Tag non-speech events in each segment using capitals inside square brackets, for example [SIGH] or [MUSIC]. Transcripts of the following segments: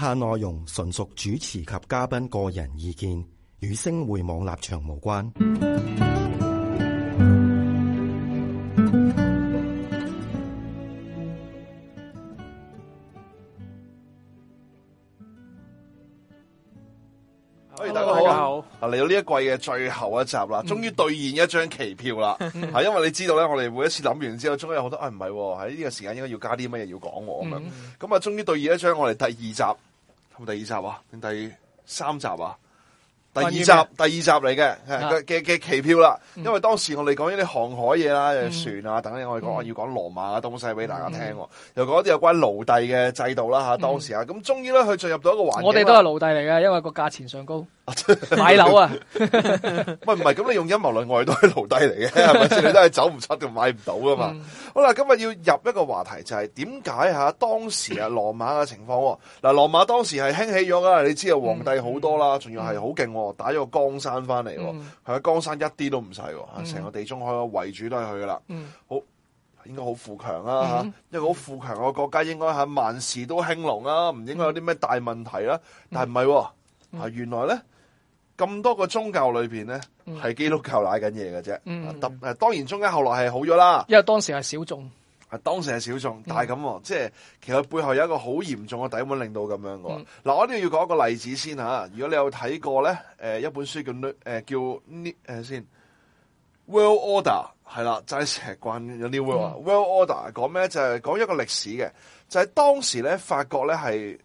下內容純屬主持及嘉賓個人意見，與星匯網立場無關。歡迎 Hello, Hello, 大家好，大家好，嚟到呢一季嘅最後一集啦，終於兌現一張期票啦。係。 [LAUGHS] 因為你知道咧，我哋每一次諗完之後終於很，終於有好多啊，唔係喎，喺呢個時間應該要加啲乜嘢要講喎咁樣。咁啊，嗯，終於兌現一張我哋第二集。第二集啊，定第三集啊？第二集，第二集嚟嘅嘅嘅期票啦，嗯、因為當時我哋講呢啲航海嘢啦，嗯、船啊等等，我哋講要講羅馬嘅東西俾大家聽、啊，嗯、又講一啲有關奴隸嘅制度啦、啊、吓，當時啊，咁終於咧佢進入到一個環境，我哋都係奴隸嚟嘅，因為個價錢上高。 [LAUGHS] 買樓樓啊 [LAUGHS] 喂，唔係咁，你用陰謀論外都係奴隸嚟嘅，係咪先？ [LAUGHS] 你都係走唔出，就買唔到噶嘛？嗯、好啦，今日要入一個話題，就係點解吓當時啊羅馬嘅情況、啊。嗱，羅馬當時係興起咗啦、啊，你知道啊，皇帝好多啦，仲要係好勁，打咗個江山翻嚟、啊。係、嗯、啊，江山一啲都唔細、啊，成個地中海圍住都係佢噶啦。嗯、好，應該好富強啊吓，因為好富強嘅國家，應該係萬事都興隆啊，唔應該有啲咩大問題啦、啊。但係唔係，啊原來咧。咁多個宗教裏邊咧，係基督教奶緊嘢嘅啫。嗯，當然中間後來係好咗啦。因為當時係小眾，係當時係小眾，嗯、但係咁即係其實背後有一個好嚴重嘅底本令到咁樣嘅。嗱、嗯，我都要講一個例子先吓。如果你有睇過咧，誒一本書叫誒叫呢誒、呃、先，World Order 係啦，齋成慣有啲 World World Order 講咩？就係、是、講一個歷史嘅，就係、是、當時咧，法國咧係。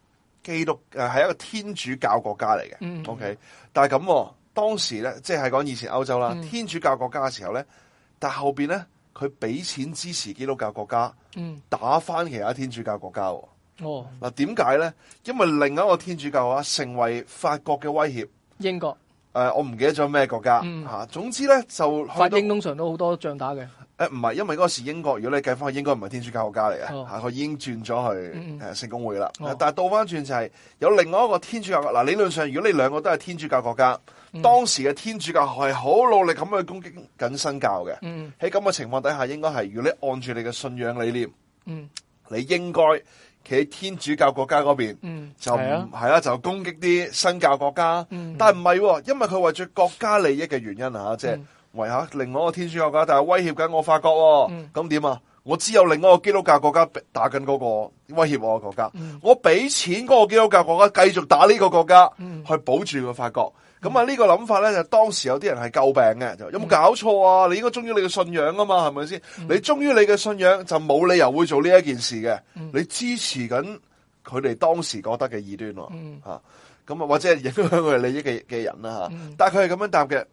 基督誒係一個天主教國家嚟嘅，嗯，OK，但係咁，啊，當時咧即係講以前歐洲啦，天主教國家嘅時候咧，嗯，但後邊咧佢俾錢支持基督教國家，嗯，打翻其他天主教國家，哦，嗱、啊，點解咧？因為另一個天主教啊，成為法國嘅威脅，英國誒、呃，我唔記得咗咩國家吓，嗯啊，總之咧就法英通常都好多仗打嘅。誒，唔係，因為嗰時英國，如果你計翻去，應該唔係天主教國家嚟嘅，吓佢已經轉咗去誒聖公會啦。但係倒翻轉就係有另外一個天主教國家，嗱，理論上，如果你兩個都係天主教國家，當時嘅天主教係好努力咁去攻擊緊新教嘅。喺咁嘅情況底下，應該係如果你按住你嘅信仰理念，嗯，你應該企喺天主教國家嗰邊，嗯，就係啦，就攻擊啲新教國家。但係唔係，因為佢為咗國家利益嘅原因吓，即係。為吓另外一個天主教國家，但係威脅緊我法國，咁點、嗯、啊？我知有另外一個基督教國家打緊嗰個威脅我嘅國家，嗯、我俾錢嗰個基督教國家繼續打呢個國家，嗯、去保住個法國。咁啊、嗯，這個想呢個諗法咧就是、當時有啲人係詬病嘅，嗯、就有冇搞錯啊？你應該忠於你嘅信仰啊嘛，係咪先？嗯、你忠於你嘅信仰就冇理由會做呢一件事嘅。嗯、你支持緊佢哋當時覺得嘅異端，吓咁、嗯、啊，或者係影響佢利益嘅嘅人啦吓。啊嗯、但係佢係咁樣答嘅。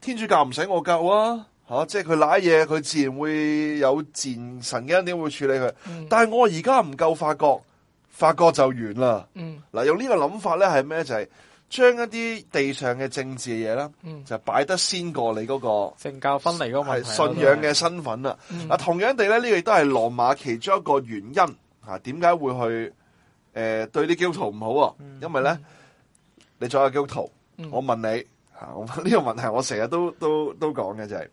天主教唔使我教啊，吓、啊，即係佢賴嘢，佢自然會有然神嘅一點會處理佢。嗯、但係我而家唔夠發覺，發覺就完啦。嗱、嗯，用個呢個諗法咧，係咩？就係、是、將一啲地上嘅政治嘢啦，嗯、就擺得先過你嗰個政教分離嗰個係信仰嘅身份啦。嗱、嗯，同樣地咧，呢、這個亦都係羅馬其中一個原因吓，點、啊、解會去誒、呃、對啲基督徒唔好、啊？嗯、因為咧，嗯、你再基督徒，嗯、我問你。呢 [LAUGHS] 個問題我成日都都都講嘅就係，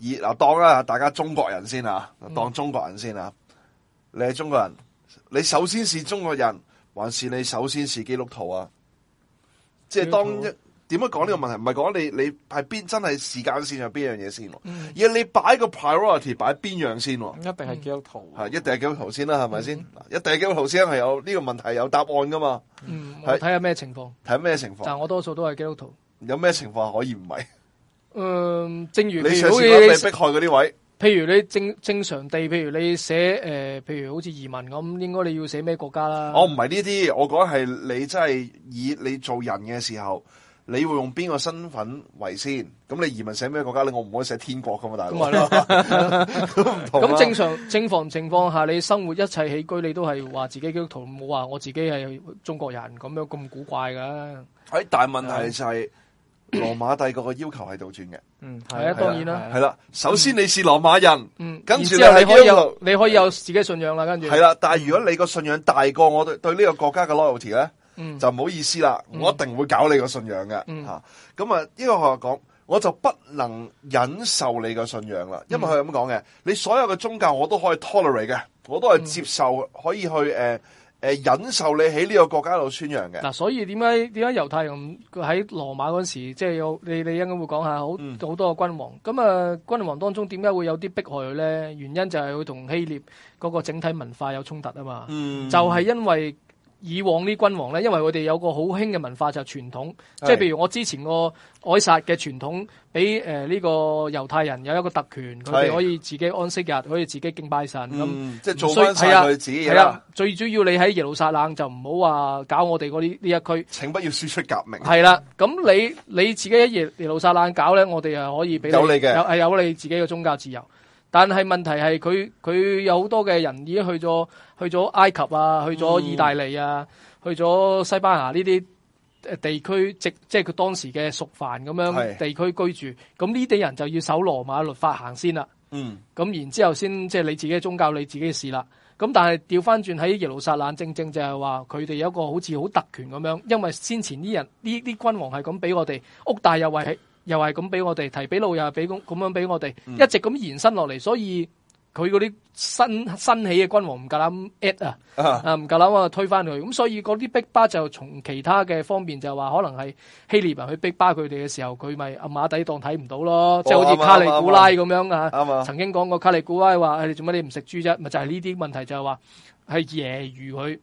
而嗱當啊，大家中國人先啊，當中國人先啊，嗯，你係中國人，你首先是中國人，還是你首先是基督徒啊？即係當一。點樣講呢個問題？唔係講你你係邊真係時間線上邊樣嘢先，而你擺個 priority 擺邊樣先？一定係基督徒，一定係基督徒先啦，係咪先？一定係基督徒先係有呢個問題有答案噶嘛？睇下咩情況，睇下咩情況。但我多數都係基督徒。有咩情況可以唔係？嗯，正如你上次逼害嗰啲位，譬如你正正常地，譬如你寫誒，譬如好似移民咁，應該你要寫咩國家啦？我唔係呢啲，我講係你真係以你做人嘅時候。你會用邊個身份為先？咁你移民寫咩國家咧？你我唔可以寫天國噶嘛，大佬。咁 [LAUGHS] [LAUGHS] [LAUGHS] 正常正常情況下，你生活一切起居，你都係話自己基督徒，冇話我自己係中國人咁樣咁古怪㗎。喺但、哎、問題就係羅馬帝國嘅要求係倒轉嘅。 [COUGHS] 嗯，係啊，當然啦。係啦，首先你是羅馬人，嗯，嗯跟住你，你可以有，你可以有自己信仰啦。跟住係啦，但係如果你個信仰大過我對對呢個國家嘅 loyalty 咧。嗯、就唔好意思啦，嗯、我一定會搞你個信仰嘅吓。咁、嗯、啊，呢個學校講，我就不能忍受你個信仰啦。嗯、因為佢咁講嘅，你所有嘅宗教我都可以 tolerate 嘅，我都係接受，嗯、可以去誒誒、呃呃、忍受你喺呢個國家度宣揚嘅。嗱，所以點解點解猶太人喺羅馬嗰時，即、就、係、是、有你你應該會講下好好、嗯、多個君王。咁啊，君王當中點解會有啲迫害佢咧？原因就係佢同希臘嗰個整體文化有衝突啊嘛。嗯，就係因為。以往啲君王咧，因為我哋有個好興嘅文化就係傳統，是即係譬如我之前個凱撒嘅傳統，俾呢、呃這個猶太人有一個特權，佢哋是可以自己安息日，可以自己敬拜神咁，即係做翻佢自己。係最主要你喺耶路撒冷就唔好話搞我哋嗰啲呢一區。請不要輸出革命。係啦，咁你你自己喺耶耶路撒冷搞咧，我哋又可以俾到你嘅，係有，有你自己嘅宗教自由。但係問題係佢佢有好多嘅人已經去咗去咗埃及啊，去咗意大利啊，嗯、去咗西班牙呢啲地區，即即係佢當時嘅屬範咁樣是地區居住。咁呢啲人就要守羅馬律法行先啦。嗯。咁然之後先即係你自己宗教你自己嘅事啦。咁但係調翻轉喺耶路撒冷，正正就係話佢哋有一個好似好特權咁樣，因為先前啲人呢啲君王係咁俾我哋屋大維。又係咁俾我哋提比路，又係俾咁樣樣俾我哋，一直咁延伸落嚟，所以佢嗰啲新新起嘅君王唔夠膽 at 啊，啊唔夠膽啊推翻佢，咁所以嗰啲逼迫就從其他嘅方面，就話可能係希臘人去逼迫佢哋嘅時候，佢咪阿馬底當睇唔到咯，不即係好似卡利古拉咁樣啊，啊啊啊曾經講過卡利古拉話、哎：，你做乜你唔食豬啫？咪就係呢啲問題，就係話係揶揄佢。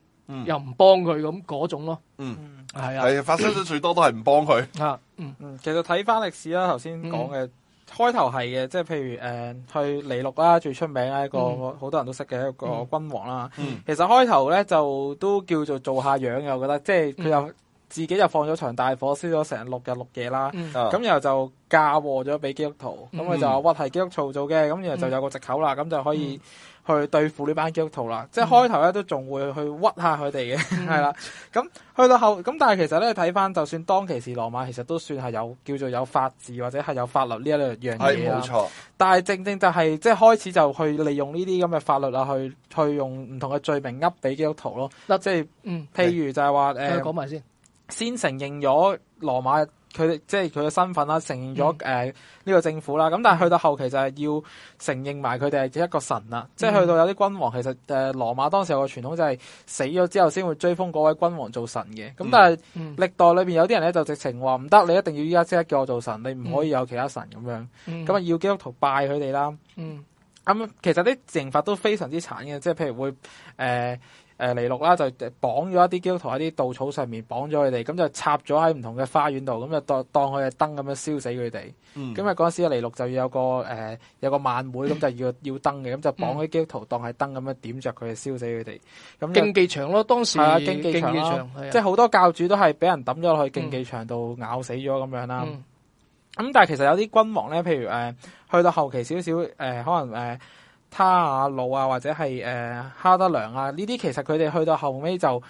又唔幫佢咁嗰種咯，嗯係啊，係發生咗最多都係唔幫佢啊，嗯嗯，其實睇翻歷史啦，頭先講嘅開頭係嘅，即係譬如誒去尼禄啦，最出名一個好多人都識嘅一個君王啦，嗯，其實開頭咧就都叫做做下樣嘅，我覺得，即係佢又自己又放咗場大火，燒咗成六日六夜啦，咁然後就嫁禍咗俾基督徒，咁佢就話屈係基督徒做嘅，咁然後就有個借口啦，咁就可以。去對付呢班基督徒啦，即係開頭咧都仲會去屈下佢哋嘅，係啦、嗯。咁 [LAUGHS] 去到後咁，但係其實咧睇翻，就算當其時羅馬其實都算係有叫做有法治或者係有法律呢一樣嘢啦。冇錯。但係正正就係、是、即係開始就去利用呢啲咁嘅法律啊，去去用唔同嘅罪名厄俾基督徒咯。即係，嗯，譬如就係話，誒是，講埋、呃、先，先承認咗羅馬。佢哋即係佢嘅身份啦，承認咗誒呢個政府啦。咁、嗯、但係去到後期就係要承認埋佢哋係一個神啦。嗯、即係去到有啲君王，其實誒、呃、羅馬當時有個傳統，就係死咗之後先會追封嗰位君王做神嘅。咁、嗯、但係歷代裏面有啲人咧，就直情話唔得，你一定要依家即刻叫我做神，你唔可以有其他神咁樣。咁啊、嗯、要基督徒拜佢哋啦。咁、嗯嗯嗯、其實啲刑法都非常之慘嘅，即係譬如會誒。呃誒、呃、尼祿啦，就綁咗一啲基督徒，喺一啲稻草上面綁咗佢哋，咁就插咗喺唔同嘅花園度，咁就當當佢嘅燈咁樣燒死佢哋。咁啊，嗰陣時尼祿就要有個誒有個晚會，咁就要要燈嘅，咁就綁啲基督徒當係燈咁樣點着佢，燒死佢哋。咁競技場咯，當時係、啊、競，競技場，即係好多教主都係俾人抌咗落去競技場度咬死咗咁、嗯、樣啦。咁、嗯、但係其實有啲君王咧，譬如誒、呃，去到後期少少，誒、呃、可能誒。呃他啊佬啊或者係誒、呃、哈德良啊呢啲，其實佢哋去到後尾就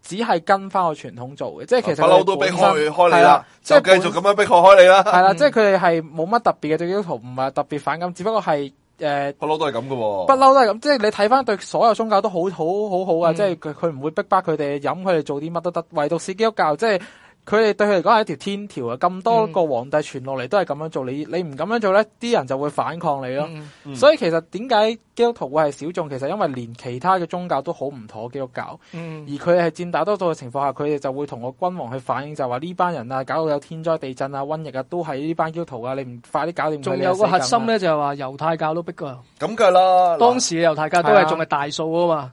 只係跟翻個傳統做嘅，即係其實我本身係啦，就繼續咁樣逼開開你啦，係啦、嗯啊，即係佢哋係冇乜特別嘅，對基督徒唔係特別反感，只不過係誒不嬲都係咁嘅，不嬲都係咁，即係你睇翻對所有宗教都好好好好啊，嗯、即係佢佢唔會逼迫佢哋飲，佢哋做啲乜都得，唯獨是基督教，即係。佢哋對佢嚟講係一條天條啊！咁多個皇帝傳落嚟都係咁樣做，嗯、你你唔咁樣做咧，啲人就會反抗你咯。嗯嗯、所以其實點解基督徒會係小眾？其實因為連其他嘅宗教都好唔妥基督教，嗯、而佢係佔大多數嘅情況下，佢哋就會同個君王去反映，就係話呢班人啊，搞到有天災地震啊、瘟疫啊，都係呢班基督徒啊！你唔快啲搞掂？仲有個核心咧，就係話猶太教都逼噶，咁噶啦。當時嘅猶太教都係仲係大數啊嘛。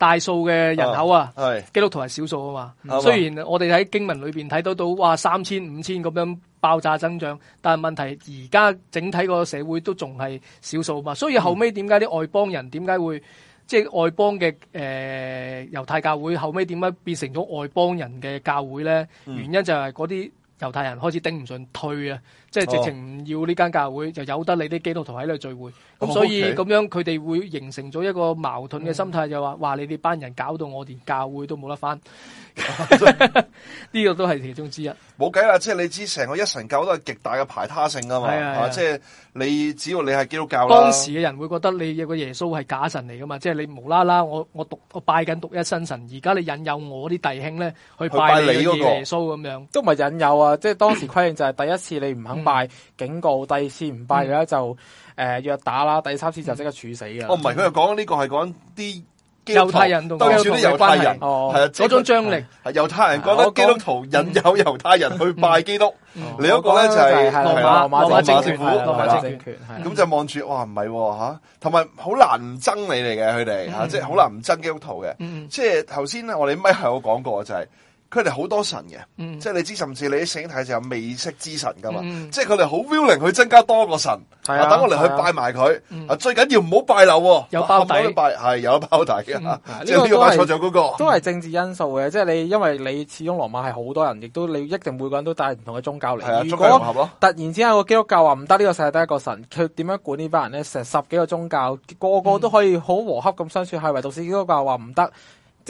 大數嘅人口啊，哦、基督徒係少數啊嘛。嗯、雖然我哋喺經文裏面睇到到，哇三千五千咁樣爆炸增長，但係問題而家整體個社會都仲係少數啊嘛。所以後尾點解啲外邦人點解會即係外邦嘅誒、呃、猶太教會，後尾點解變成咗外邦人嘅教會咧？原因就係嗰啲猶太人開始頂唔順退啊。即係直情唔要呢間教會，就由得你啲基督徒喺度聚會。咁所以咁樣，佢哋會形成咗一個矛盾嘅心態，就話：話你哋班人搞到我連教會都冇得返。呢個都係其中之一。冇計啦，即係你知，成個一神教都係極大嘅排他性噶嘛。即係你，只要你係基督教，當時嘅人會覺得你有個耶穌係假神嚟噶嘛。即係你無啦啦，我我讀我拜緊獨一真神，而家你引誘我啲弟兄咧去拜你嘅耶穌咁樣，都唔係引誘啊！即係當時規定就係第一次你唔肯。拜警告，第二次唔拜咧就誒約打啦，第三次就即刻處死嘅。哦，唔係，佢又講呢個係講啲猶太人，對住啲猶太人，係啊，嗰種張力係猶太人覺得基督徒引誘猶太人去拜基督。另一個咧就係羅馬羅馬政政府，羅馬政權，咁就望住哇，唔係嚇，同埋好難憎你哋嘅佢哋嚇，即係好難唔憎基督徒嘅。即係頭先我哋咪係有講過就係。佢哋好多神嘅，嗯、即係你知，甚至你啲聖經睇就未識之神噶嘛，嗯、即係佢哋好 willing 去增加多個神，係啊，等、啊、我哋去拜埋佢、啊啊，最緊要唔好拜漏、哦，有包底拜係有包底嘅。嗯、即係呢個買錯就嗰個，都係政治因素嘅，即係你因為你始終羅馬係好多人，亦都你一定每個人都帶唔同嘅宗教嚟，係啊，如果 宗教融合咯，突然之間有個基督教話唔得呢個世界得一個神，佢點樣管呢班人咧？成十幾個宗教，個個都可以好和洽咁相處，係唯獨是，是道士基督教話唔得。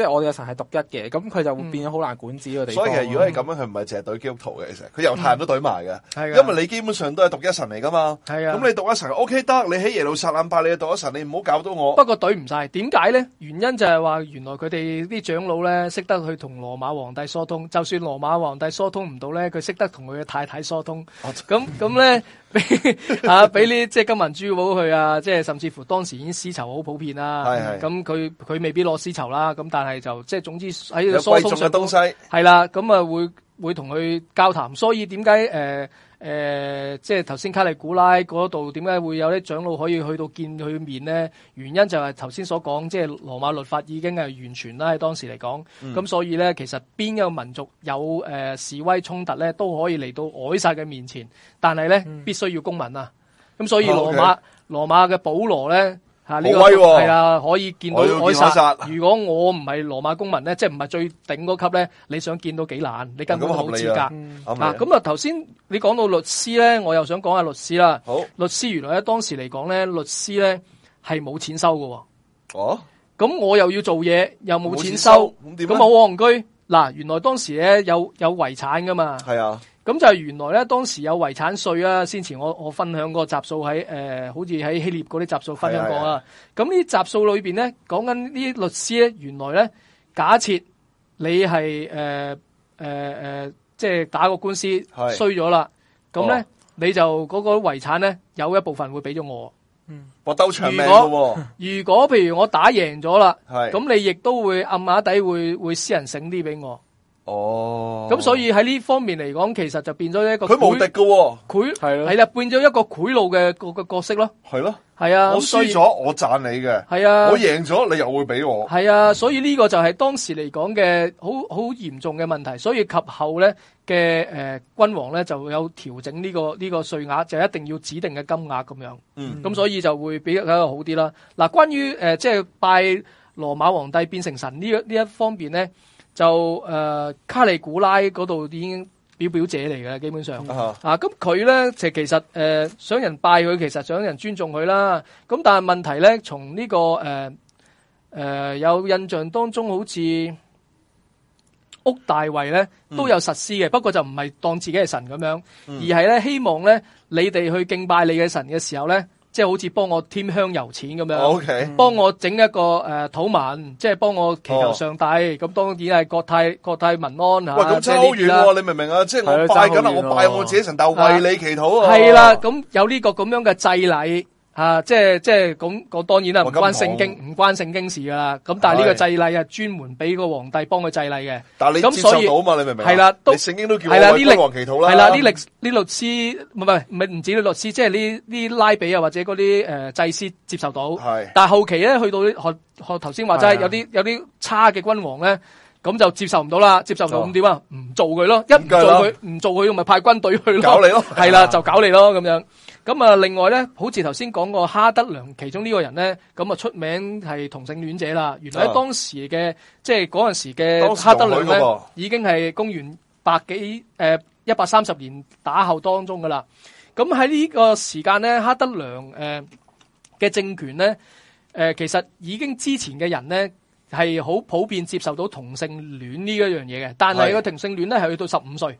即係我哋嘅神係獨一嘅，咁佢就會變咗好難管治嘅地方。所以其實如果係咁樣，佢唔係淨係對基督徒嘅，其實佢猶太人都對埋嘅。係，因為你基本上都係獨一神嚟噶嘛。係啊，咁你獨一神，OK，得，你喺耶路撒冷拜你嘅獨一神，你唔好搞到我。不過對唔晒，點解咧？原因就係話，原來佢哋啲長老咧，識得去同羅馬皇帝疏通。就算羅馬皇帝疏通唔到咧，佢識得同佢嘅太太疏通。咁咁咧。俾啊！俾呢，即係金銀珠寶去啊！即係甚至乎當時已經絲綢好普遍啦。係咁佢佢未必攞絲綢啦。咁但係就即係總之喺個包裝東西係啦。咁啊會會同佢交談。所以點解誒？呃誒、呃，即係頭先卡利古拉嗰度點解會有啲長老可以去到見佢面呢？原因就係頭先所講，即係羅馬律法已經係完全啦，喺當時嚟講。咁、嗯、所以咧，其實邊一個民族有、呃、示威衝突咧，都可以嚟到凱撒嘅面前，但係咧，必須要公民啊。咁所以羅馬、哦 okay. 羅馬嘅保羅咧。吓呢係啊，可以見到凱撒。凱撒如果我唔係羅馬公民咧，即係唔係最頂嗰級咧，你想見到幾難？你根本冇資格。嗱，咁啊，頭先你講到律師咧，我又想講下律師啦。好，律師原來喺當時嚟講咧，律師咧係冇錢收噶。哦，咁、哦、我又要做嘢，又冇錢收，咁點咧？咁戇居嗱，原來當時咧有有遺產噶嘛。係啊。咁就係原來咧，當時有遺產稅啊。先前我我分享個集數喺誒，好似喺希臘嗰啲集數分享過啦、啊。咁的呢集數裏邊咧，講緊啲律師咧，原來咧，假設你係誒誒誒，即係打個官司衰咗啦，咁咧的、哦、你就嗰個遺產咧有一部分會俾咗我。嗯，搏鬥長命嘅。如果 [LAUGHS] 如果譬如我打贏咗啦，咁的你亦都會暗下底會會私人醒啲俾我。哦，咁所以喺呢方面嚟講，其實就變咗一個佢無敵㗎喎，佢係啦，變咗一個賄賂嘅個角色咯，係咯的，係啊的，我衰咗以我賺你嘅，係啊的，我贏咗你又會俾我，係啊，所以呢個就係當時嚟講嘅好好嚴重嘅問題，所以及後咧嘅誒君王咧就會有調整呢、這個呢、這個稅額，就一定要指定嘅金額咁樣，嗯，咁所以就會比較好啲啦。嗱、啊，關於誒即係拜羅馬皇帝變成神呢一呢一方面咧。就誒、呃，卡利古拉嗰度已經表表姐嚟嘅，基本上、嗯、啊，咁佢咧就其實誒、呃，想人拜佢，其實想人尊重佢啦。咁但係問題咧，從呢、這個誒誒、呃呃、有印象當中，好似屋大維咧都有實施嘅，嗯、不過就唔係當自己係神咁樣，而係咧希望咧你哋去敬拜你嘅神嘅時候咧。即係好似幫我添香油錢咁樣，幫 Okay. 我整一個誒禱、呃、文，即係幫我祈求上帝。咁、哦、當然係國泰國泰民安吓。喂，咁差好遠喎！啊、你明唔明啊？即係我拜緊啦、啊、我拜我自己神豆，為你祈禱、啊。係啦、啊，咁有呢個咁樣嘅祭禮。啊，即係即係，咁咁當然啦，唔關聖經，唔關聖經事噶啦。咁但係呢個祭禮啊，專門俾個皇帝幫佢祭禮嘅。但係你接受到嘛？你明唔明？係啦，都聖經都叫啦，為君王祈禱啦，係啦，啲律啲律師，唔唔唔唔止律師，即係呢呢拉比啊，或者嗰啲誒祭司接受到。係。但係後期咧，去到學學頭先話齋，有啲有啲差嘅君王咧，咁就接受唔到啦，接受唔到咁點啊？唔做佢咯，一做佢，唔做佢咪派軍隊去咯，搞你咯，係啦，就搞你咯咁樣。咁啊，另外咧，好似頭先講過哈德良，其中呢個人咧，咁啊出名係同性戀者啦。原來喺當時嘅，啊、即係嗰陣時嘅哈德良咧，已經係公元百幾誒一百三十年打後當中噶啦。咁喺呢個時間咧，哈德良誒嘅、呃、政權咧，誒、呃、其實已經之前嘅人咧係好普遍接受到同性戀呢一樣嘢嘅，但係個同性戀咧係去到十五歲。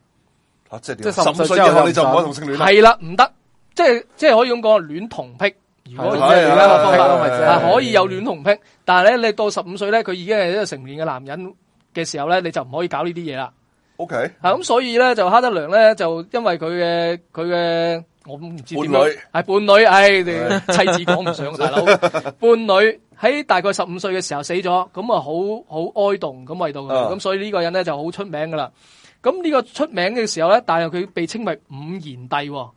即係點，即係十五歲之後就你就唔可以同性戀係啦，唔得。即係即係可以咁講，戀童癖。如果而家個方法，的可以有戀童癖，的但係咧，你到十五歲咧，佢已經係一個成年嘅男人嘅時候咧，你就唔可以搞呢啲嘢啦。O K，咁，所以咧就哈德良咧就因為佢嘅佢嘅，我唔知點樣係伴侶，你妻子講唔上大佬。伴侶喺大概十五歲嘅時候死咗，咁啊好好哀動到。咁味道。咁所以呢個人咧就好出名噶啦。咁呢個出名嘅時候咧，但係佢被稱為五賢帝、哦。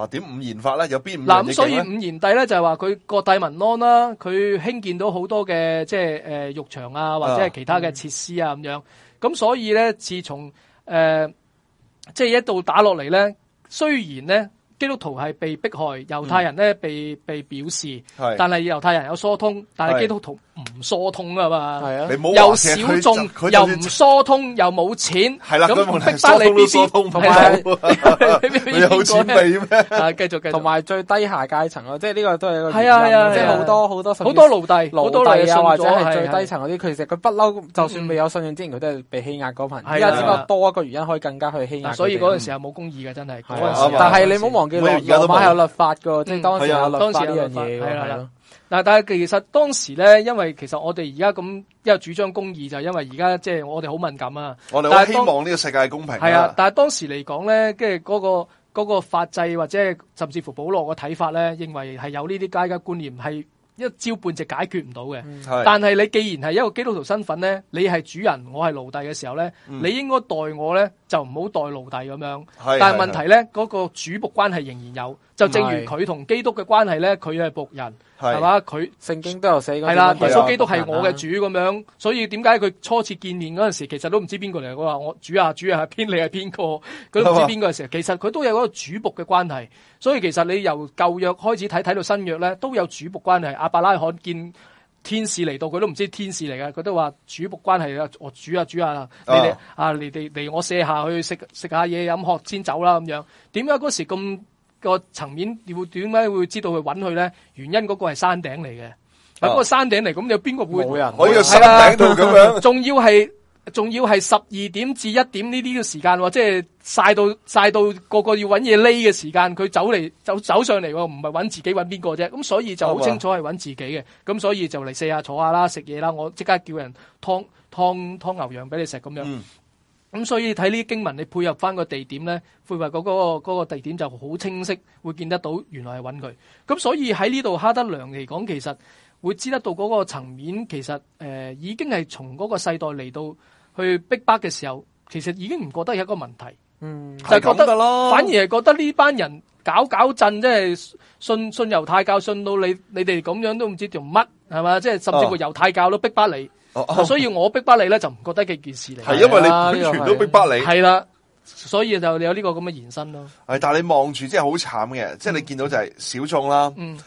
啊！點五賢法咧有邊五？嗱、啊，咁所以五賢帝咧就係話佢國泰民安啦，佢興建到好多嘅即係誒浴場啊，或者係其他嘅設施啊咁、啊嗯、樣。咁所以咧，自從誒即係一度打落嚟咧，雖然咧基督徒係被迫害，猶太人咧、嗯、被被表示，嗯、但係猶太人有疏通，但係基督徒、嗯。唔疏通啊嘛，係啊，又小眾，又唔疏通，又冇錢，係啦，咁逼得你必須係咪？你好準備咩？繼續繼續同埋最低下階層咯，即係呢個都係一個係啊係啊，即係好多好多好多奴隸，奴隸啊或者係最低層嗰啲，其實佢不嬲，就算未有信仰之前，佢都係被欺壓嗰份。而家只不過多一個原因，可以更加去欺壓。所以嗰陣時候冇公義嘅，真係。但係你唔好忘記，羅馬係有律法噶，即係當時有律法呢樣嘢係嗱，但係其實當時咧，因為其實我哋而家咁一個主張公義，就係、是、因為而家即係我哋好敏感啊。我哋好希望呢當個世界公平。係啊，但係當時嚟講咧，即係嗰個、那個法制或者甚至乎保羅個睇法咧，認為係有呢啲階級觀念係一朝半夕解決唔到嘅。嗯、但係你既然係一個基督徒身份咧，你係主人，我係奴隸嘅時候咧，嗯、你應該待我咧就唔好待奴隸咁樣。嗯、但係問題咧，嗰是個主僕關係仍然有。就正如佢同基督嘅關係咧，佢係僕人，係嘛是？佢聖經都有寫過。係啦、啊，耶穌基督係我嘅主咁、啊、樣，所以點解佢初次見面嗰陣時，其實都唔知邊個嚟？我話我主啊，主啊，偏你係邊個？佢都唔知邊個時。吧其實佢都有嗰個主僕嘅關係。所以其實你由舊約開始睇睇到新約咧，都有主僕關係。亞伯拉罕見天使嚟到，佢都唔知天使嚟嘅。佢都話主僕關係啊，我主啊，主啊，哦、你哋啊嚟嚟嚟我舍下去食食下嘢飲喝先走啦咁樣。點解嗰時咁？個層面點，點解會知道去揾佢咧？原因嗰個係山頂嚟嘅，嗰、啊、個山頂嚟，咁有邊個會？冇人可以喺山頂度咁樣。仲了要係仲要係十二點至一點呢啲嘅時間喎，即係曬到曬到個個要揾嘢匿嘅時間，佢走嚟走走上嚟喎，唔係揾自己揾邊個啫。咁所以就好清楚係揾自己嘅，咁吧所以就嚟四下坐下啦，食嘢啦，我即刻叫人劏劏劏牛羊俾你食咁樣。嗯咁所以睇呢啲經文，你配合翻個地點咧，會話嗰、嗰個嗰個地點就好清晰，會見得到原來係揾佢。咁所以喺呢度哈德良嚟講，其實會知得到嗰個層面，其實誒、呃、已經係從嗰個世代嚟到去逼巴嘅時候，其實已經唔覺得係一個問題，嗯，就係覺得咯，反而係覺得呢班人。搞搞震即係、就是、信信猶太教，信到你你哋咁樣都唔知做乜係嘛？即係甚至乎猶太教都逼巴你，哦哦、所以我逼巴你咧就唔覺得嘅件事嚟。係因為你佢全都逼巴你，係啦，所以就有呢個咁嘅延伸咯。但係你望住真係好慘嘅，嗯、即係你見到就係小眾啦。嗯、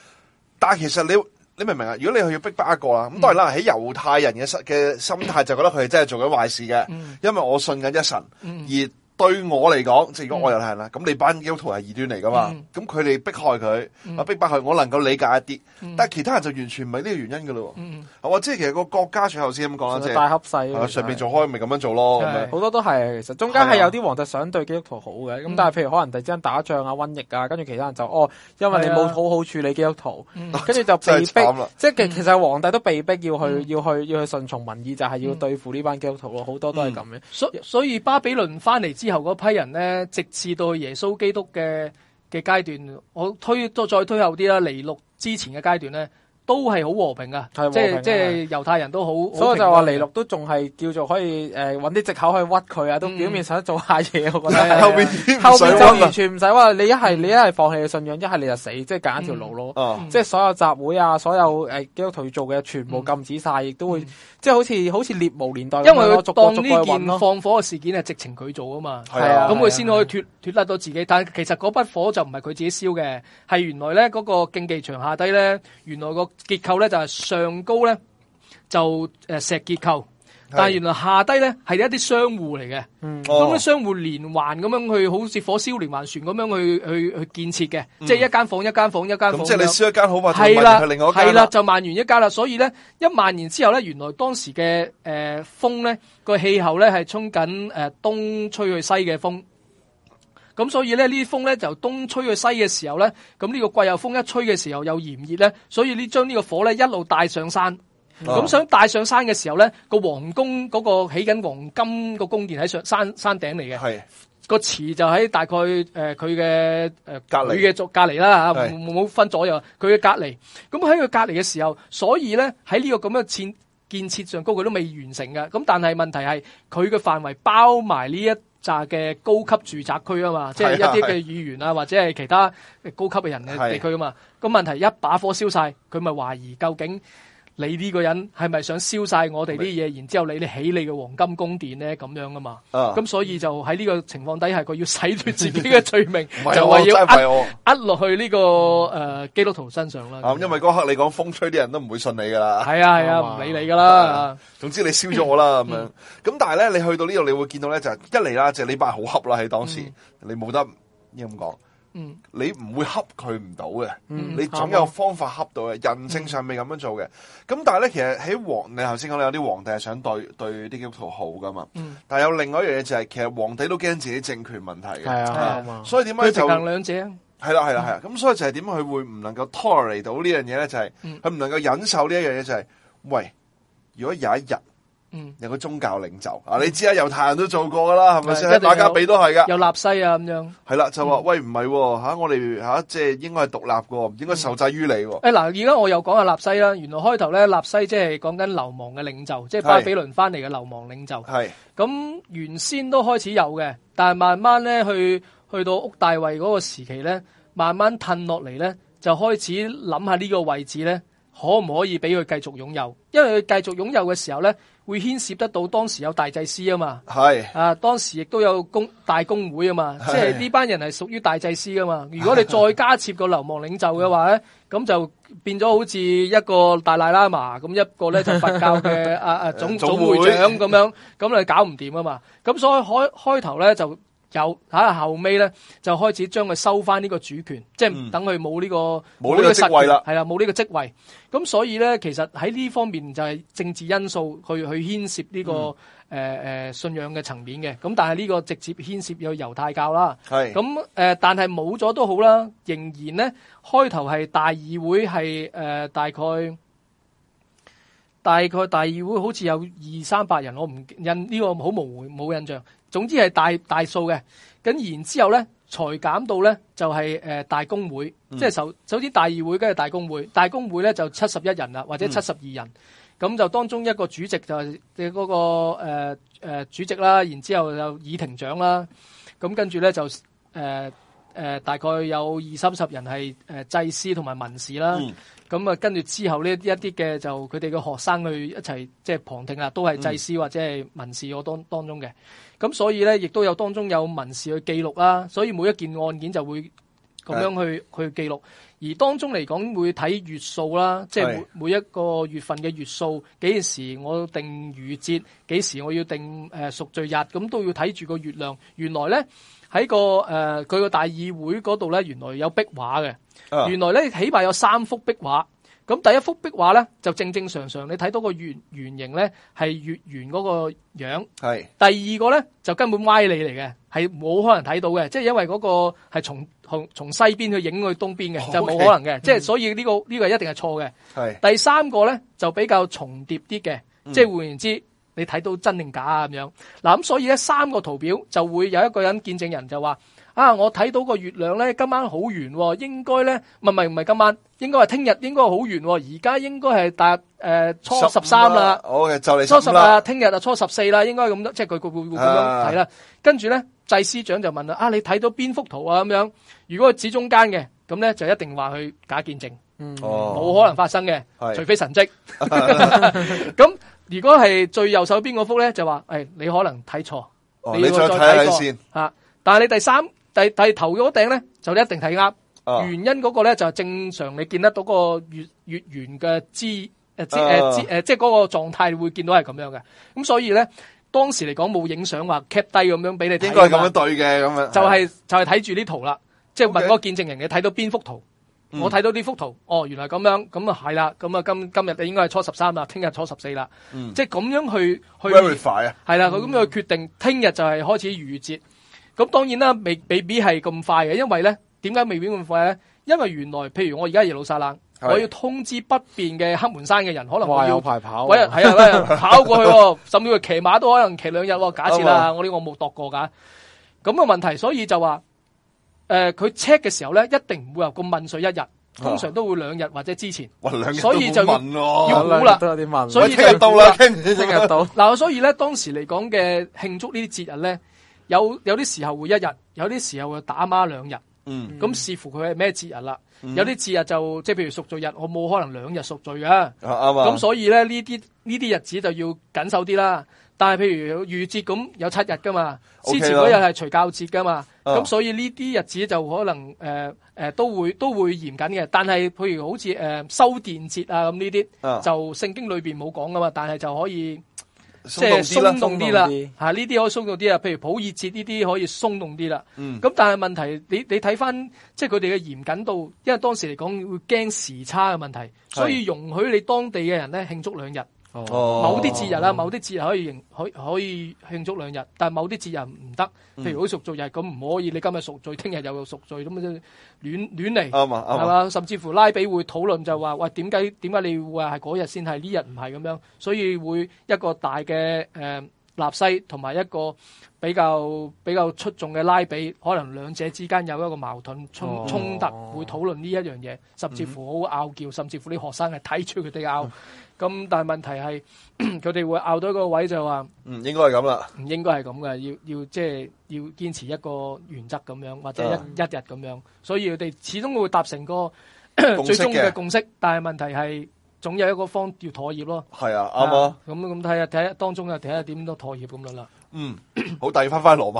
但係其實你你明唔明啊？如果你去要逼巴一個啦，咁當然啦，喺猶、嗯、太人嘅心嘅心態就覺得佢係真係做緊壞事嘅，嗯、因為我信緊一神、嗯、而。對我嚟講，即係如果我又係啦，咁你班基督徒係異端嚟噶嘛？咁佢哋逼害佢，逼迫佢，害我能夠理解一啲，但係其他人就完全唔係呢個原因噶咯。喎。即係其實個國家最後先咁講啦，即係大合勢，上面做開咪咁樣做咯。好多都係，其實中間係有啲皇帝想對基督徒好嘅，咁但係譬如可能突然之間打仗啊、瘟疫啊，跟住其他人就哦，因為你冇好好處理基督徒，跟住就被逼。即係其實皇帝都被逼要去要去要去順從民意，就係要對付呢班基督徒咯。好多都係咁樣。所所以巴比倫翻嚟。之後嗰批人咧，直至到耶穌基督嘅嘅階段，我推都再推後啲啦，尼祿之前嘅階段咧。都係好和平㗎，即係即係猶太人都好，所以就話尼祿都仲係叫做可以誒揾啲藉口去屈佢啊，都表面上做下嘢，我覺得後邊後邊就完全唔使話，你一係你一係放棄嘅信仰，一係你就死，即係揀一條路咯。即係所有集會啊，所有誒基督徒做嘅，全部禁止晒，亦都會即係好似好似獵巫年代咁，因為當呢件放火嘅事件係直情佢做啊嘛，係啊，咁佢先可以脱脫甩到自己。但係其實嗰筆火就唔係佢自己燒嘅，係原來咧嗰個競技場下低咧，原來個。結構咧就係、是、上高咧就誒、呃、石結構，但係原來下低咧係一啲商戶嚟嘅，咁啲、嗯、商戶連環咁樣去，好似火燒連環船咁樣去去去建設嘅，嗯、即係一間房一間房一間房，咁即係你燒一間好嘛？係有啦，另外一間係啦，就蔓延一間啦。所以咧，一蔓延之後咧，原來當時嘅誒、呃、風咧個氣候咧係衝緊誒東吹去西嘅風。咁所以咧，呢啲風咧就東吹去西嘅時候咧，咁、這、呢個季候風一吹嘅時候又炎熱咧，所以呢將呢個火咧一路帶上山。咁、啊、想帶上山嘅時候咧，皇宮那個皇宮嗰個起緊黃金個宮殿喺上山山頂嚟嘅。個是池就喺大概佢嘅、呃呃、隔離壁嘅隔離啦嚇，冇是分左右，佢嘅隔離。咁喺佢隔離嘅時候，所以咧喺呢這個咁樣建建設上高，佢都未完成嘅。咁但係問題係佢嘅範圍包埋呢一。扎嘅高級住宅區啊嘛，即係一啲嘅議員啊，或者係其他高級嘅人嘅地區啊嘛，咁問題一把火燒晒，佢咪懷疑究竟？你呢個人係咪想燒晒我哋啲嘢？然之後你咧起你嘅黃金宮殿咧咁樣噶嘛？咁、啊、所以就喺呢個情況底下，佢要洗脫自己嘅罪名， [LAUGHS] 啊、就係要壓落去呢個誒基督徒身上啦。咁因為嗰刻你講風吹啲人都唔會信你噶啦。係啊係啊，唔、啊啊、理你噶啦、啊。總之你燒咗我啦咁樣。咁、 [LAUGHS] 嗯、但係咧，你去到呢度你會見到咧，就是、一嚟啦，就你、是、禮拜好恰啦喺當時，嗯、你冇得咁講。嗯，你唔會恰佢唔到嘅，嗯、你總有方法恰到嘅。嗯、人性上未咁樣做嘅，咁、嗯、但係咧，其實喺皇，你頭先講咧，你有啲皇帝係想對對啲基督徒好噶嘛。嗯、但係有另外一樣嘢就係、是，其實皇帝都驚自己政權問題嘅，係啊、嗯，所以點解就平衡兩者？係啦係啦係啦，咁、嗯、所以就係點解佢會唔能夠 tolerate 到呢樣嘢咧？就係佢唔能夠忍受呢一樣嘢，就係喂，如果有一日。嗯，有個宗教領袖啊，嗯、你知啊，猶太人都做過噶啦，係咪先？馬加比都係噶。有納西啊，咁樣係啦，就話、嗯、喂，唔係吓，我哋吓，即、啊、係應該係獨立噶，唔應該受制於你。誒、嗯，嗱，而家我又講下納西啦。原來開頭咧，納西即係講緊流亡嘅領袖，即、就、係、是、巴比倫翻嚟嘅流亡領袖。係咁是原先都開始有嘅，但係慢慢咧去去到屋大維嗰個時期咧，慢慢褪落嚟咧，就開始諗下呢個位置咧，可唔可以俾佢繼續擁有？因為佢繼續擁有嘅時候咧。會牽涉得到當時有大祭司啊嘛，係啊，當時亦都有公大公會啊嘛，即係呢班人係屬於大祭司啊嘛。如果你再加設個流亡領袖嘅話咧，咁就變咗好似一個達賴喇嘛咁，一個咧就佛教嘅啊啊總總會長咁樣，咁你搞唔掂啊嘛。咁所以開開頭咧就。有下後尾咧，就開始將佢收翻呢個主權，嗯、即係等佢冇呢個冇呢個職位啦，係啦，冇呢個職位。咁所以咧，其實喺呢方面就係政治因素去去牽涉呢、呢個誒、嗯呃、信仰嘅層面嘅。咁但係呢個直接牽涉有猶太教啦。係咁是、呃、但係冇咗都好啦。仍然咧，開頭係大議會係誒、呃、大概大概大議會好似有二三百人，我唔印呢個好模糊冇印象。總之係大大數嘅，咁然之後咧，裁減到咧就係、是呃、大公會，嗯、即係首首先大議會跟係大公會，大公會咧就七十一人啦，或者七十二人，咁、嗯、就當中一個主席就係嗰、那個誒、呃呃、主席啦，然之後就議庭長啦，咁跟住咧就誒。呃呃、大概有二三十人係、呃、祭司同埋文士啦，咁啊、嗯、跟住之後呢一啲嘅就佢哋嘅學生去一齊即係旁聽啦，都係祭司或者係文士我當，當中嘅，咁所以呢，亦都有當中有文士去記錄啦，所以每一件案件就會咁樣去是去記錄，而當中嚟講會睇月數啦，即、就、係、是、每是每一個月份嘅月數幾時我定餘節，幾時我要定誒贖、呃、罪日，咁都要睇住個月亮，原來呢。喺個誒佢個大議會嗰度咧，原來有壁畫嘅。啊、原來咧起碼有三幅壁畫。咁第一幅壁畫咧就正正常常，你睇到個圓,圓形咧係月圓嗰個樣。是第二個咧就根本歪理嚟嘅，係冇可能睇到嘅，即係因為嗰個係從從西邊去影去東邊嘅，okay, 就冇可能嘅。即係、嗯、所以呢、呢個呢、呢個一定係錯嘅。是第三個咧就比較重疊啲嘅，嗯、即係換言之。你睇到真定假啊？咁樣嗱，咁所以咧，三個圖表就會有一個人見證人就話：啊，我睇到個月亮咧，今晚好圓喎，應該咧，唔係唔係唔係今晚，應該係聽日，應該好圓喎。而家應該係大誒初十三啦，好嘅，就你初十啊，聽日啊，初十四啦，應該咁多，即係佢佢咁樣睇啦。跟住咧，祭司長就問啦：啊，你睇到邊幅圖啊？咁樣如果指中間嘅，咁咧就一定話佢假見證，嗯，冇、哦、可能發生嘅，是除非神跡。咁。 [LAUGHS] [LAUGHS] [LAUGHS] 如果係最右手邊嗰幅咧，就話，誒、哎，你可能睇錯。哦、你再、你再睇睇先。吓、啊，但係你第三、第第頭嗰頂咧，就一定睇啱。哦、原因嗰個咧就係、是、正常，你見得到個月月圓嘅知誒誒誒，即係嗰個狀態會見到係咁樣嘅。咁所以咧，當時嚟講冇影相話 cap 低咁樣俾你。應該咁樣對嘅，咁樣就係、是、的就係睇住呢圖啦 okay，即係問嗰見證人你睇到邊幅圖？我睇到呢幅圖，哦，原來咁樣，咁啊係啦，咁啊今今日應應該係初十三啦，聽日初十四啦，即係咁樣去去，係啦 is，佢咁樣去決定聽日就係開始逾節，咁、嗯嗯、當然啦，未未必係咁快嘅，因為咧，點解未必咁快咧？因為原來，譬如我而家耶路撒冷，是我要通知北邊嘅黑門山嘅人，可能我有排跑、啊，係啊，跑過去、哦， [LAUGHS] 甚至佢騎馬都可能騎兩日、哦，假設啦，哦、我呢個冇度過噶，咁嘅問題，所以就話。誒，佢 check 嘅時候咧，一定唔會有個問水一日，通常都會兩日或者之前。啊、所以就要問、啊、要喇，啦，都有啲問，所以聽日到啦，聽日到。嗱，所以咧當時嚟講嘅慶祝呢啲節日咧，有有啲時候會一日，有啲時候會打孖兩日。嗯，咁視乎佢係咩節日啦。Mm hmm. 有啲節日就即係譬如贖罪日，我冇可能兩日贖罪㗎。咁、oh, right. 所以咧呢啲呢啲日子就要緊守啲啦。但係譬如，如預節咁有七日噶嘛，之前嗰日係除酵節噶嘛，咁 Okay. 所以呢啲日子就可能誒、呃呃、都會都會嚴謹嘅。但係譬如好似誒、呃、修殿節啊咁呢啲，這這 uh. 就聖經裏面冇講噶嘛，但係就可以。即係鬆動啲啦，吓呢啲可以鬆動啲啦，譬如普爾節呢啲可以鬆動啲啦。咁，嗯，但係問題，你你睇翻即係佢哋嘅嚴謹度，因為當時嚟講會驚時差嘅問題，所以容許你當地嘅人咧慶祝兩日。某啲節日啦，哦、某啲節日可以迎，可以可以慶祝兩日，但係某啲節日唔得。譬如好贖罪日咁，唔可以你今日贖罪，聽日又要贖罪咁樣亂亂嚟，係嘛？嗯嗯、吧甚至乎拉比會討論就話：喂，點解點解你話係嗰日先係呢日唔係咁樣？所以會一個大嘅誒納西同埋一個比較比較出眾嘅拉比，可能兩者之間有一個矛盾衝衝、哦、衝突，會討論呢一樣嘢，甚至乎好拗撬，嗯、甚至乎啲學生係睇住佢哋拗。嗯。咁但係問題係佢哋會拗到一個位就話，嗯，應該係咁啦，唔應該係咁嘅，要，要即係要堅持一個原則咁樣，或者一、嗯、一日咁樣，所以佢哋始終會達成個識最終嘅共識，但係問題係總有一個方要妥協囉。係啊，啱啊，咁睇下睇下當中啊睇下點都妥協咁啦。嗯，好大要返返羅馬，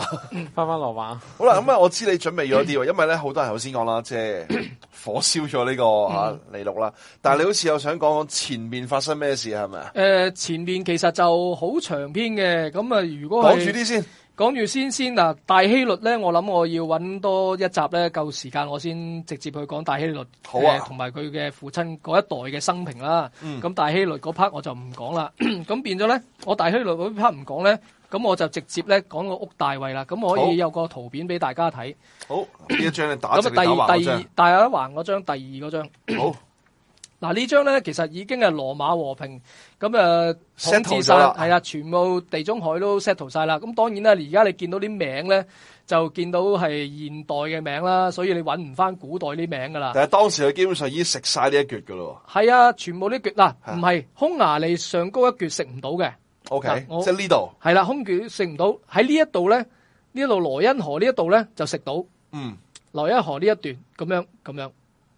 返返羅馬。 [LAUGHS] 好啦，咁、嗯、啊，我知你準備咗啲。 [LAUGHS] 因為咧好多人頭先講啦，即、就、係、是、火燒咗呢個、嗯、啊尼祿啦，但係你好似又想講講前面發生咩事係咪啊？誒、呃，前面其實就好長篇嘅，咁啊如果係，講住啲先。講住先先，大希律咧，我諗我要揾多一集咧，夠時間我先直接去講大希律同埋佢嘅父親嗰一代嘅生平啦。咁、嗯、大希律嗰 part 我就唔講啦。咁 [COUGHS] 變咗咧，我大希律嗰 part 唔講咧，咁我就直接咧講個屋大維啦。咁我可以有個圖片俾大家睇。好，呢一張打嗰咁第二第二大一橫嗰張，第二嗰張。張張，好。嗱，呢張咧，其實已經係羅馬和平咁，誒，統治曬，係啊，全部地中海都 settle 曬啦。咁當然咧，而家你見到啲名咧，就見到係現代嘅名啦，所以你揾唔翻古代啲名㗎啦。但係當時佢基本上已經食曬呢一橛㗎咯。係啊，全部呢橛，嗱，唔係匈牙利上高一橛食唔到嘅。O K，即係呢度係啦，空橛食唔到。喺呢一度咧，呢一度羅茵河呢一度咧就食到。嗯，羅茵河呢一段咁樣咁樣。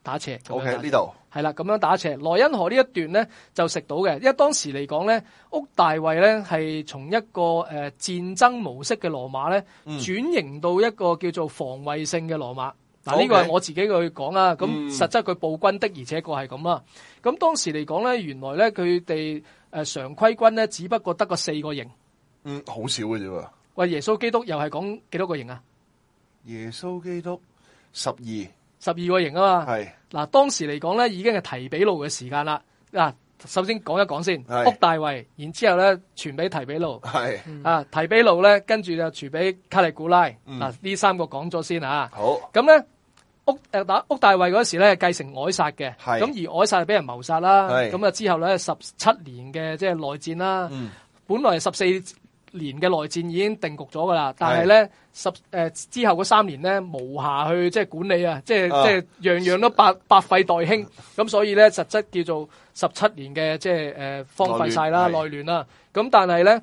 打斜，OK 呢度係啦，咁樣打斜。萊茵河呢一段呢，就食到嘅，因為當時嚟講咧，屋大衛呢，係從一個誒、呃、戰爭模式嘅羅馬呢，轉、嗯、型到一個叫做防衛性嘅羅馬。嗱，呢個係我自己去講啊。咁、嗯、實質佢暴君的而且確係咁啊。咁當時嚟講呢，原來呢，佢哋誒常規軍呢，只不過得個四個營，嗯，好少嘅啫。喂，耶穌基督又係講幾多個營啊？耶穌基督十二。十二個營啊嘛，嗱是當時嚟講咧，已經係提比路嘅時間啦。嗱，首先講一講先，是屋大衛，然之後咧傳俾提比路，啊是提比路咧跟住就傳俾卡利古拉。嗱呢、嗯、三個講咗先吓，好，咁咧、嗯、屋誒打、呃、屋大衛嗰時咧繼承凱撒嘅，咁是而凱撒係俾人謀殺啦。咁啊是之後咧十七年嘅即係內戰啦，嗯、本來十四。年嘅內戰已經定局咗噶啦，但係呢，十誒、呃、之後嗰三年呢，無暇去即係管理啊，即係、啊、即係樣樣都百,百廢待興，咁所以呢，實質叫做十七年嘅即係誒荒廢晒啦內亂啦，咁是的 但係呢，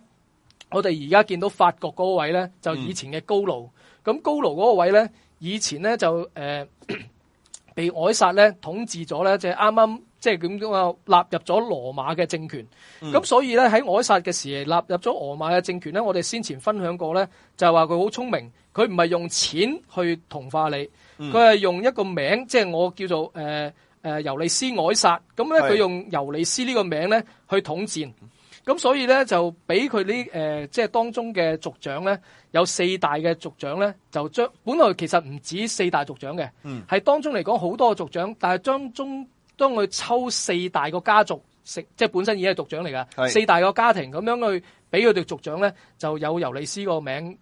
我哋而家見到法國嗰個位呢，就以前嘅高盧，咁、嗯、高盧嗰個位呢，以前呢，就、呃呢，就誒被凱撒呢統治咗呢，就係啱啱。即係咁講啊，納入咗羅馬嘅政權。咁、嗯、所以咧，喺凱撒嘅時納入咗羅馬嘅政權咧，我哋先前分享過咧，就係話佢好聰明，佢唔係用錢去同化你，佢係、嗯、用一個名，即係我叫做誒誒、呃呃、尤利斯凱撒。咁咧，佢的用尤利斯呢個名咧去統戰。咁所以咧就俾佢呢誒，即、呃、係、就是、當中嘅族長咧，有四大嘅族長咧，就將本來其實唔止四大族長嘅，係、嗯、當中嚟講好多族長，但係將中。當佢抽四大個家族，食即係本身已經係族長嚟噶。是四大個家庭咁樣去俾佢哋族長咧，就有尤利斯個名，誒、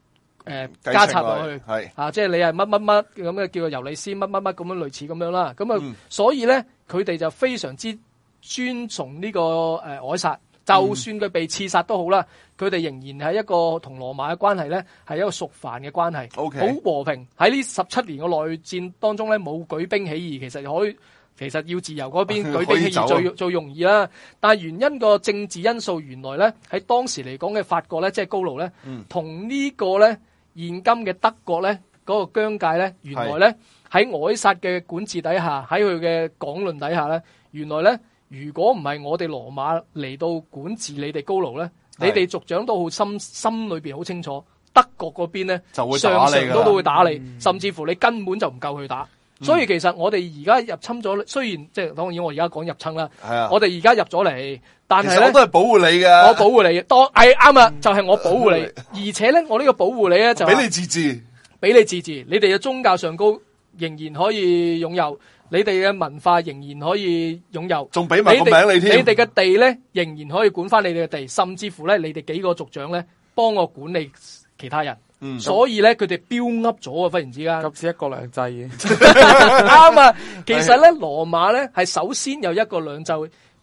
呃、程加插落去。係是啊，即係你係乜乜乜咁樣，叫做尤利斯乜乜乜咁樣類似咁樣啦。咁啊，嗯、所以咧，佢哋就非常之尊崇呢、這個誒凱撒。就算佢被刺殺都好啦，佢哋、嗯、仍然係一個同羅馬嘅關係咧，係一個熟凡嘅關係，好 Okay 和平。喺呢十七年嘅內戰當中咧，冇舉兵起義，其實可以。其實要自由嗰邊舉兵起義最最容易啦，但原因個政治因素原來咧，喺當時嚟講嘅法國咧，即係高盧咧，同呢個咧現今嘅德國咧嗰，那個疆界咧，原來咧喺凱撒嘅管治底下，喺佢嘅講論底下咧，原來咧，如果唔係我哋羅馬嚟到管治你哋高盧咧，是你哋族長都好心心裏邊好清楚德國嗰邊咧，就會打你，上層都會打你，嗯、甚至乎你根本就唔夠佢打。嗯、所以其實我哋而家入侵咗，雖然即係當然我而家講入侵啦，我哋而家入咗嚟，但係我都係保護你嘅，我保護你，當係啱啊，就係我保護你，而且咧我呢個保護你咧就俾你自治，俾、就是、你自治，你哋嘅宗教上高仍然可以擁有，你哋嘅文化仍然可以擁有，仲俾埋個名你添，你哋嘅地咧仍然可以管翻你哋嘅地，甚至乎咧你哋幾個族長咧幫我管理其他人。嗯、所以咧，佢哋標笠咗啊！忽然之間，咁似一國兩制嘅啱 [LAUGHS] [LAUGHS] 啊！其實咧，羅馬咧係首先有一個兩制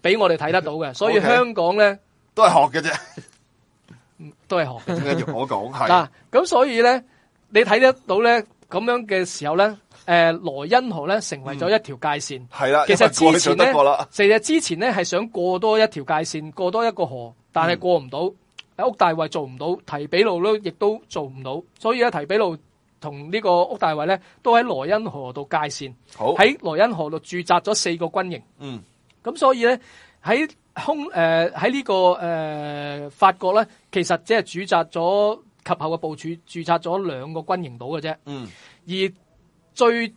俾我哋睇得到嘅，所以香港咧、okay. 都係學嘅啫，都係學。學我講係嗱，咁所以咧，你睇得到咧咁樣嘅時候咧，誒、呃，萊茵河咧成為咗一條界線，係啦、嗯。其實之前咧，其實之前咧係想過多一條界線，過多一個河，但係過唔到。嗯喺屋大維做唔到，提比路都亦都做唔到，所以咧，提比路同呢個屋大維咧都喺萊茵河度界線，喺萊茵河度駐紮咗四個軍營，咁、嗯、所以咧喺空誒喺呢個誒、呃、法國咧，其實只係駐紮咗及後嘅部署，駐紮咗兩個軍營度嘅啫，嗯、而最誒、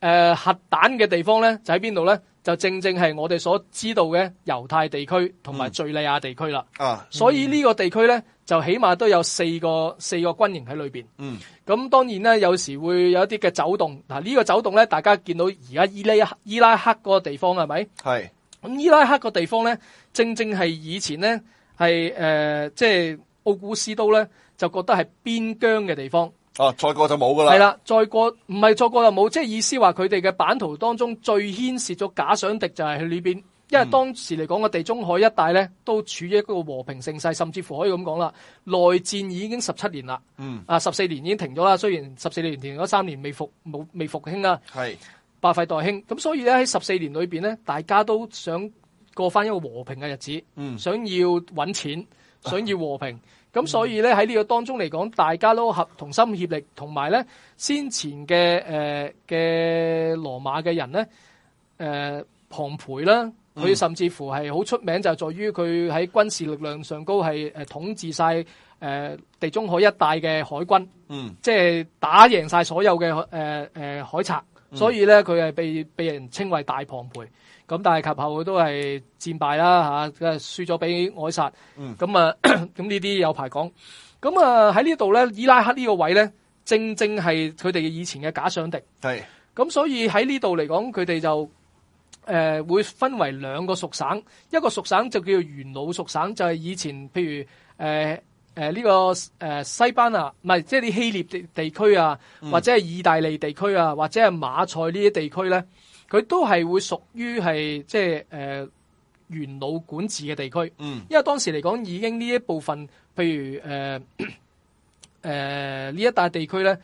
呃、核彈嘅地方咧就喺邊度咧？就正正係我哋所知道嘅猶太地區同埋叙利亞地區啦、嗯，啊嗯、所以呢個地區咧就起碼都有四個四個軍營喺裏邊。咁、嗯、當然咧，有時會有一啲嘅走動。嗱、啊，呢、呢個走動咧，大家見到而家伊拉，伊拉克個地方是伊拉克嗰個地方係咪？係，咁伊拉克個地方咧，正正係以前咧係誒即係奧古斯都咧就覺得係邊疆嘅地方。啊！再過就冇噶啦，係啦，再過唔係再過就冇，即係意思話佢哋嘅版圖當中最牽涉咗假想敵就係裏邊，因為當時嚟講個地中海一帶咧都處於一個和平盛世，甚至乎可以咁講啦，內戰已經十七年啦，嗯，啊十四年已經停咗啦，雖然十四年停咗三年未復冇未復興啦，係百廢待興，咁是所以咧喺十四年裏邊咧，大家都想過翻一個和平嘅日子，嗯，想要搵錢，想要和平。 [LAUGHS] 咁所以咧喺呢個當中嚟講，大家都合同心協力，同埋咧先前嘅嘅、呃、羅馬嘅人咧，誒龐培啦，佢、嗯、甚至乎係好出名，就係在於佢喺軍事力量上高係統治曬誒、呃、地中海一帶嘅海軍，嗯，即係打贏曬所有嘅誒、呃呃、海賊，所以咧佢係被被人稱為大龐培。咁但係及後佢都係戰敗啦吓，即輸咗俾凱撒。咁啊、嗯，咁呢啲有排講。咁啊喺呢度咧，伊拉克呢個位咧，正正係佢哋以前嘅假想敵。係是。咁所以喺呢度嚟講，佢哋就、呃、會分為兩個屬省，一個屬省就叫元老屬省，就係、是、以前譬如誒呢、呃呃這個、呃、西班牙，唔係即係啲希臘地區啊，或者係意大利地區啊，或者係馬賽呢啲地區咧。佢都係會屬於係即係誒元老管治嘅地區，因為當時嚟講已經呢一部分，譬如誒誒呢一帶地區咧，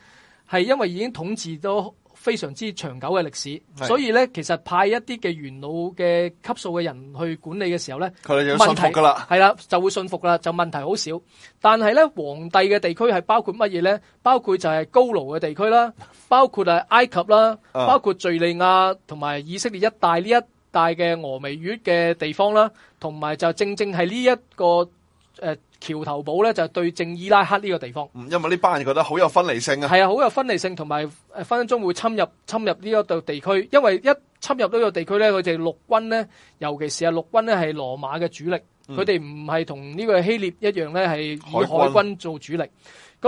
係因為已經統治咗非常之長久嘅歷史，所以咧，其實派一啲嘅元老嘅級數嘅人去管理嘅時候咧，佢哋有問題嘅啦，係啦，就會信服啦，就問題好少。但係咧，皇帝嘅地區係包括乜嘢咧？包括就係高盧嘅地區啦，包括係埃及啦，包括敍利亞同埋以色列一帶呢一帶嘅俄米月嘅地方啦，同埋就正正係呢一個誒。橋頭堡咧就係對正伊拉克呢個地方，嗯，因為呢班人覺得好有分離性啊，係啊，好有分離性，同埋誒，分分鐘會侵入侵入呢一度地區，因為一侵入呢個地區咧，佢哋陸軍咧，尤其是啊陸軍咧係羅馬嘅主力，佢哋唔係同呢個希臘一樣咧係以海軍做主力，咁海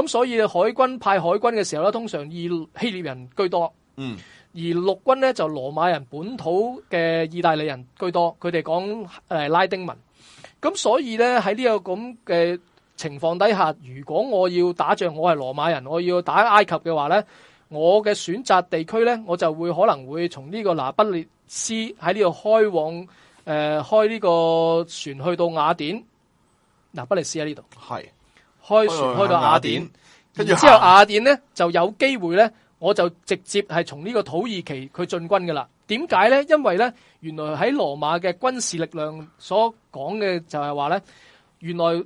軍，所以海軍派海軍嘅時候咧，通常以希臘人居多，嗯，而陸軍咧就羅馬人本土嘅意大利人居多，佢哋講誒拉丁文。咁所以咧喺呢個咁嘅情況底下，如果我要打仗，我係羅馬人，我要打埃及嘅話咧，我嘅選擇地區咧，我就會可能會從呢個拿不列斯喺呢度開往誒、呃、開呢個船去到雅典。拿不列斯喺呢度，係是開船開到雅典，跟住之後雅典咧就有機會咧，我就直接係從呢個土耳其去進軍噶啦。點解呢？因為呢，原來喺羅馬嘅軍事力量所講嘅就係話呢，原來呢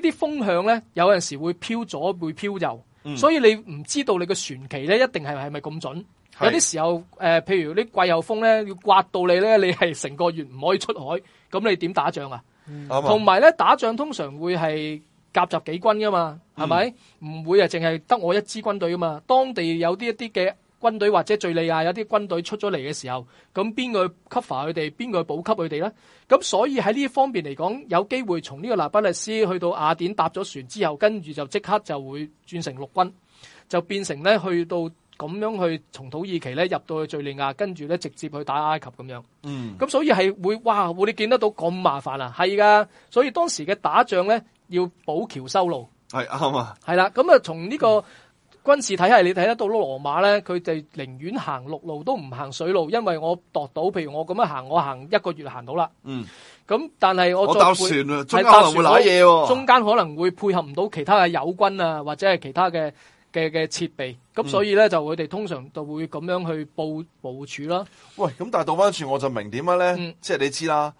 啲風向呢，有陣時會飄左，會飄右，所以你唔知道你個船期呢，一定係係咪咁準？有啲時候誒，譬如啲季候風呢，要刮到你呢，你係成個月唔可以出海，咁你點打仗啊？同埋呢，打仗通常會係夾雜幾軍噶嘛，係咪？唔會啊，淨係得我一支軍隊噶嘛？當地有啲一啲嘅軍隊或者敘利亞有啲軍隊出咗嚟嘅時候，咁邊個去 cover 佢哋，邊個去補給佢哋呢？咁所以喺呢一方面嚟講，有機會從呢個那不勒斯去到雅典搭咗船之後，跟住就即刻就會轉成陸軍，就變成呢去到咁樣去從土耳其呢入到去敘利亞，跟住呢直接去打埃及咁樣。嗯，咁所以係會哇，你見得到咁麻煩啊？係噶，所以當時嘅打仗呢，要補橋修路，係啱啊。係啦，咁啊，從呢個。嗯。軍事體系你睇得到羅馬咧，佢哋寧願行陸路都唔行水路，因為我度到，譬如我咁樣行，我行一個月就行到啦。嗯，咁但係我再係搭船嘢喎，中間，會中間可能會配合唔到其他嘅友軍啊，或者係其他嘅嘅嘅設備。咁所以咧，嗯、就佢哋通常就會咁樣去佈部，部署啦。喂，咁但係倒返轉，我就明點樣咧，嗯、即係你知啦。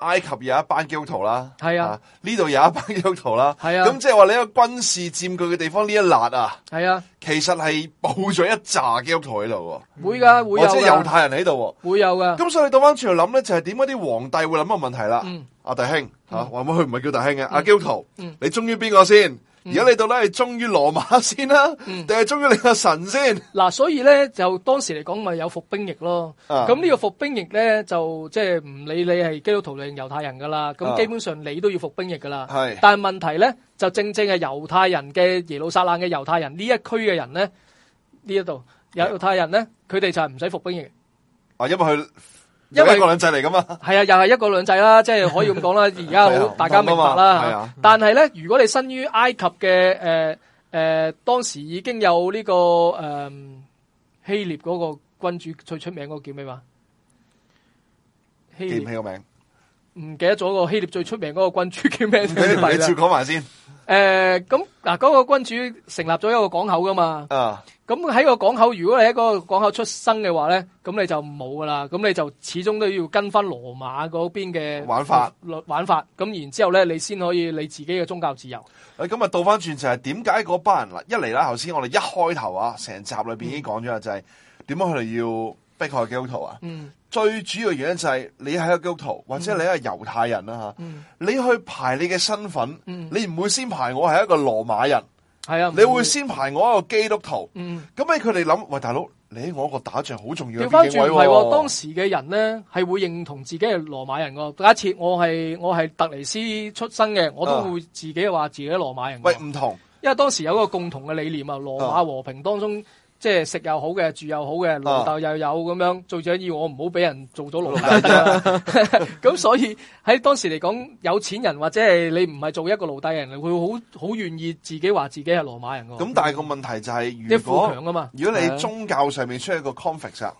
埃及有一班基督徒啦，係啊，呢度有一班基督徒啦，係啊，咁即係話你一個軍事佔據嘅地方呢一笪啊，係啊，其實係佈咗一紮基督徒喺度，會噶會有，即係猶太人喺度，會有噶，咁所以你倒翻轉嚟諗咧，就係點解啲皇帝會諗個問題啦？嗯，阿弟兄吓，話乜佢唔係叫弟兄嘅，阿基督徒，你忠於邊個先？而家你到底，係忠於羅馬先啦，定係忠於你個神先？嗱，所以咧就當時嚟講，咪有服兵役咯。咁呢個服兵役咧，就即係唔理你係基督徒定猶太人噶啦。咁基本上你都要服兵役噶啦。係，但係問題咧，就正正係猶太人嘅耶路撒冷嘅猶太人呢一區嘅人咧，呢一度猶太人咧，佢哋就係唔使服兵役。啊，因為佢。因為一國兩制嚟噶嘛？係啊，又係一國兩制啦，即、就、係、是、可以咁講啦。而家 [LAUGHS] 後大家明白啦。是啊、但係咧，如果你身於埃及嘅，誒、呃、誒、呃，當時已經有呢、這個，誒、呃、希臘嗰個君主最出名嗰個叫咩話？希唔記，記得我個名字？唔記得咗個希臘最出名嗰個君主叫咩？你先講埋先。誒、呃，咁嗱，嗰、那個君主成立咗一個港口噶嘛？啊，咁喺個港口，如果你喺嗰個港口出生嘅話咧，咁你就冇噶啦。咁你就始終都要跟翻羅馬嗰邊嘅玩法，玩法。咁然之後咧，你先可以你自己嘅宗教自由。咁啊，倒翻轉就係點解嗰班人啦，一嚟啦，頭先我哋一開頭啊，成集裏邊已經講咗啦，嗯、就係點解佢哋要。迫害基督徒啊，嗯、最主要原因就係你係一個基督徒，或者你係一個猶太人啦、啊、吓，嗯、你去排你嘅身份，嗯、你唔會先排我係一個羅馬人，係啊，會你會先排我一個基督徒，咁咧佢哋諗，喂大佬，你喺我個打仗好重要嘅邊境位、啊啊，當時嘅人咧係會認同自己係羅馬人噶，假設我係我係特尼斯出身嘅，我都會自己話自己係羅馬人、啊。喂，唔同，因為當時有一個共同嘅理念啊，羅馬和平當中。啊即係食又好嘅，住又好嘅，奴隸又有咁樣，最緊要我唔好俾人做咗奴隸。咁所以喺當時嚟講，有錢人或者係你唔係做一個奴隸人，你會好好願意自己話自己係羅馬人嘅。咁但係個問題就係，如果如果你宗教上面出一個 conflict，咁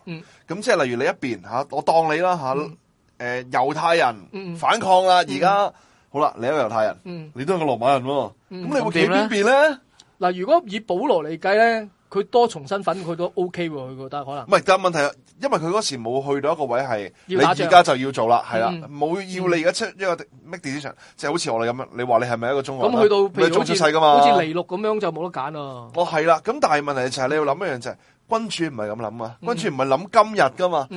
即係例如你一邊吓，我當你啦吓，誒猶太人反抗啦，而家好啦，你一個猶太人，你都係個羅馬人，咁你會企邊邊咧？嗱，如果以保羅嚟計咧。佢多重身份佢都 OK 喎，佢覺得可能唔係，但係問題，因為佢嗰時冇去到一個位係，你而家就要做啦，係啦，冇要你而家出一個 make decision，即係好似我哋咁樣，你話你係咪一個中學？咁去到譬如好似細噶嘛，好似尼祿咁樣就冇得揀啊！哦，係啦，咁但係問題就係你要諗一樣就係君主唔係咁諗啊，君主唔係諗今日噶嘛，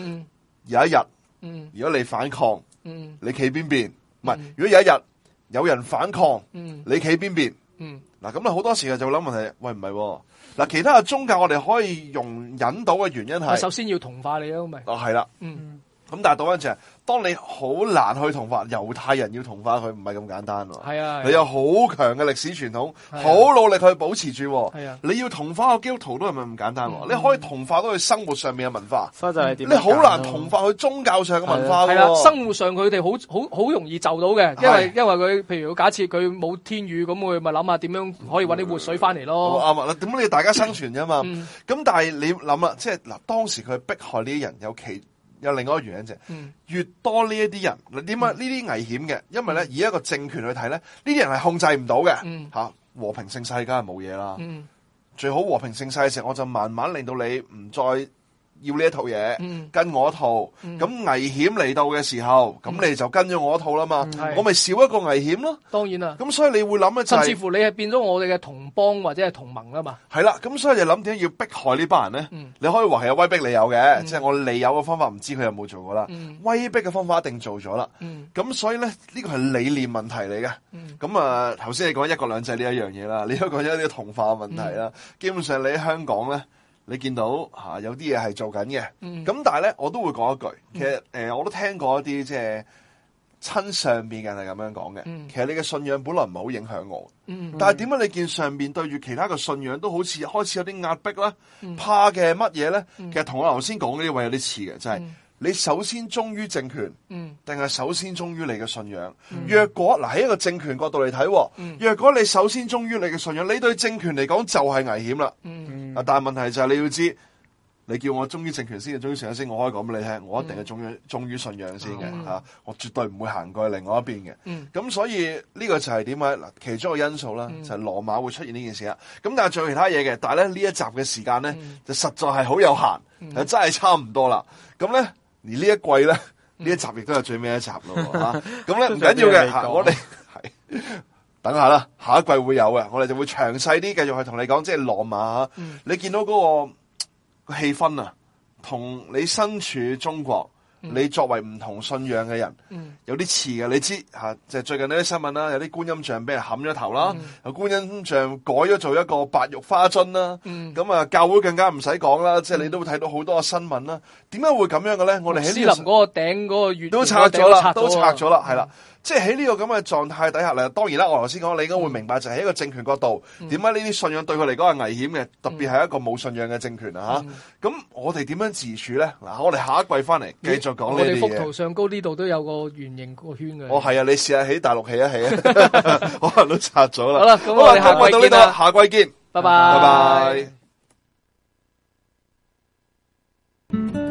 有一日，如果你反抗，你企邊邊？唔係，如果有一日有人反抗，你企邊邊？嗱，咁啊好多時就會諗問題，喂唔係。嗱，其他嘅宗教我哋可以用引導嘅原因係，首先要同化你咯，咪？哦，係啦，嗯。咁但係一隻，轉，當你好難去同化猶太人，要同化佢唔係咁簡單喎。係啊，啊你有好強嘅歷史傳統，好、啊、努力,去保持住。係啊，你要同化個基督徒都係咪咁簡單？嗯、你可以同化到佢生活上面嘅文化，嗯、所以就係點？你好難同化佢宗教上嘅文化。係啊，啊，生活上佢哋好好好容易就到嘅，因為、啊、因為佢譬如假設佢冇天宇咁佢咪諗下點樣可以揾啲活水翻嚟咯。啱啦、啊，點，你大家生存啫嘛？咁、嗯、但係你諗下，即係嗱，當時佢逼害呢啲人有其。有另外一個原因啫，越多呢一啲人，點解呢啲危險嘅，因為咧以一個政權去睇咧，呢啲人係控制唔到嘅嚇，和平盛世梗係冇嘢啦，最好和平盛世嘅時候，我就慢慢令到你唔再，要呢一套嘢，跟我一套，咁危險嚟到嘅時候，咁你就跟咗我一套啦嘛，我咪少一個危險咯。當然啦，咁所以你會諗一，甚至乎你係變咗我哋嘅同邦或者係同盟啊嘛。係啦，咁所以就諗點要迫害呢班人咧？你可以話係有威逼利誘嘅，即係我利誘嘅方法，唔知佢有冇做過啦。威逼嘅方法一定做咗啦。咁所以咧，呢個係理念問題嚟嘅。咁啊，頭先你講一國兩制呢一樣嘢啦，你都講咗啲同化問題啦。基本上你喺香港咧。你見到、啊、有啲嘢係做緊嘅，咁、嗯、但係咧我都會講一句，其實、嗯呃、我都聽過一啲即係親上面嘅人係咁樣講嘅，嗯、其實你嘅信仰本來唔係好影響我，嗯嗯、但係點解你見上面對住其他嘅信仰都好似開始有啲壓迫啦、嗯、怕嘅係乜嘢咧？嗯、其實同我頭先講嘅啲位有啲似嘅，就係。嗯你首先忠於政權，嗯，定係首先忠於你嘅信仰。嗯、若果嗱喺一個政權角度嚟睇，嗯、若果你首先忠於你嘅信仰，你對政權嚟講就係危險啦。嗯，啊，但係問題就係你要知，你叫我忠於政權先，忠於信仰先，我可以講俾你聽，我一定係忠於、嗯、忠於信仰先嘅吓，嗯、我絕對唔會行過去另外一邊嘅。嗯，咁所以呢個就係點解嗱，其中一個因素啦，就係羅馬會出現呢件事啦。咁但係仲有其他嘢嘅，但係咧呢一集嘅時間咧，就實在係好有限，嗯、就真係差唔多啦。咁咧。而呢一季咧，呢、嗯、一集亦都係最尾一集咯。咁咧唔緊要嘅， [LAUGHS] 我哋係等下啦，下一季會有嘅，我哋就會詳細啲繼續去同你講，即係羅馬。嗯、你見到嗰、嗰個、嗰個氣氛啊，同你身處中國。你作為唔同信仰嘅人，有啲似嘅，你知嚇即係，最近呢啲新聞啦，有啲觀音像俾人冚咗頭啦，有、嗯、觀音像改咗做一個白玉花樽啦，咁啊、嗯、教會更加唔使講啦，即係、嗯、你都會睇到好多新聞啦。點解會咁樣嘅咧？我哋喺、這個、斯林嗰個頂嗰個月個都拆咗啦，都拆咗啦，係啦了。即係喺呢個咁嘅狀態底下咧，當然啦，我頭先講你應該會明白，就係喺一個政權角度，點解呢啲信仰對佢嚟講係危險嘅，特別係一個冇信仰嘅政權、嗯、啊！咁我哋點樣自處咧？嗱，我哋下一季翻嚟繼續講呢啲嘢。我哋幅圖上高呢度都有個圓形個圈嘅。哦，係啊，你試下喺大陸起一起，可能 [LAUGHS] [LAUGHS] 都拆咗啦。好啦，咁我哋下季到呢度。下季，下季見，拜拜，拜拜。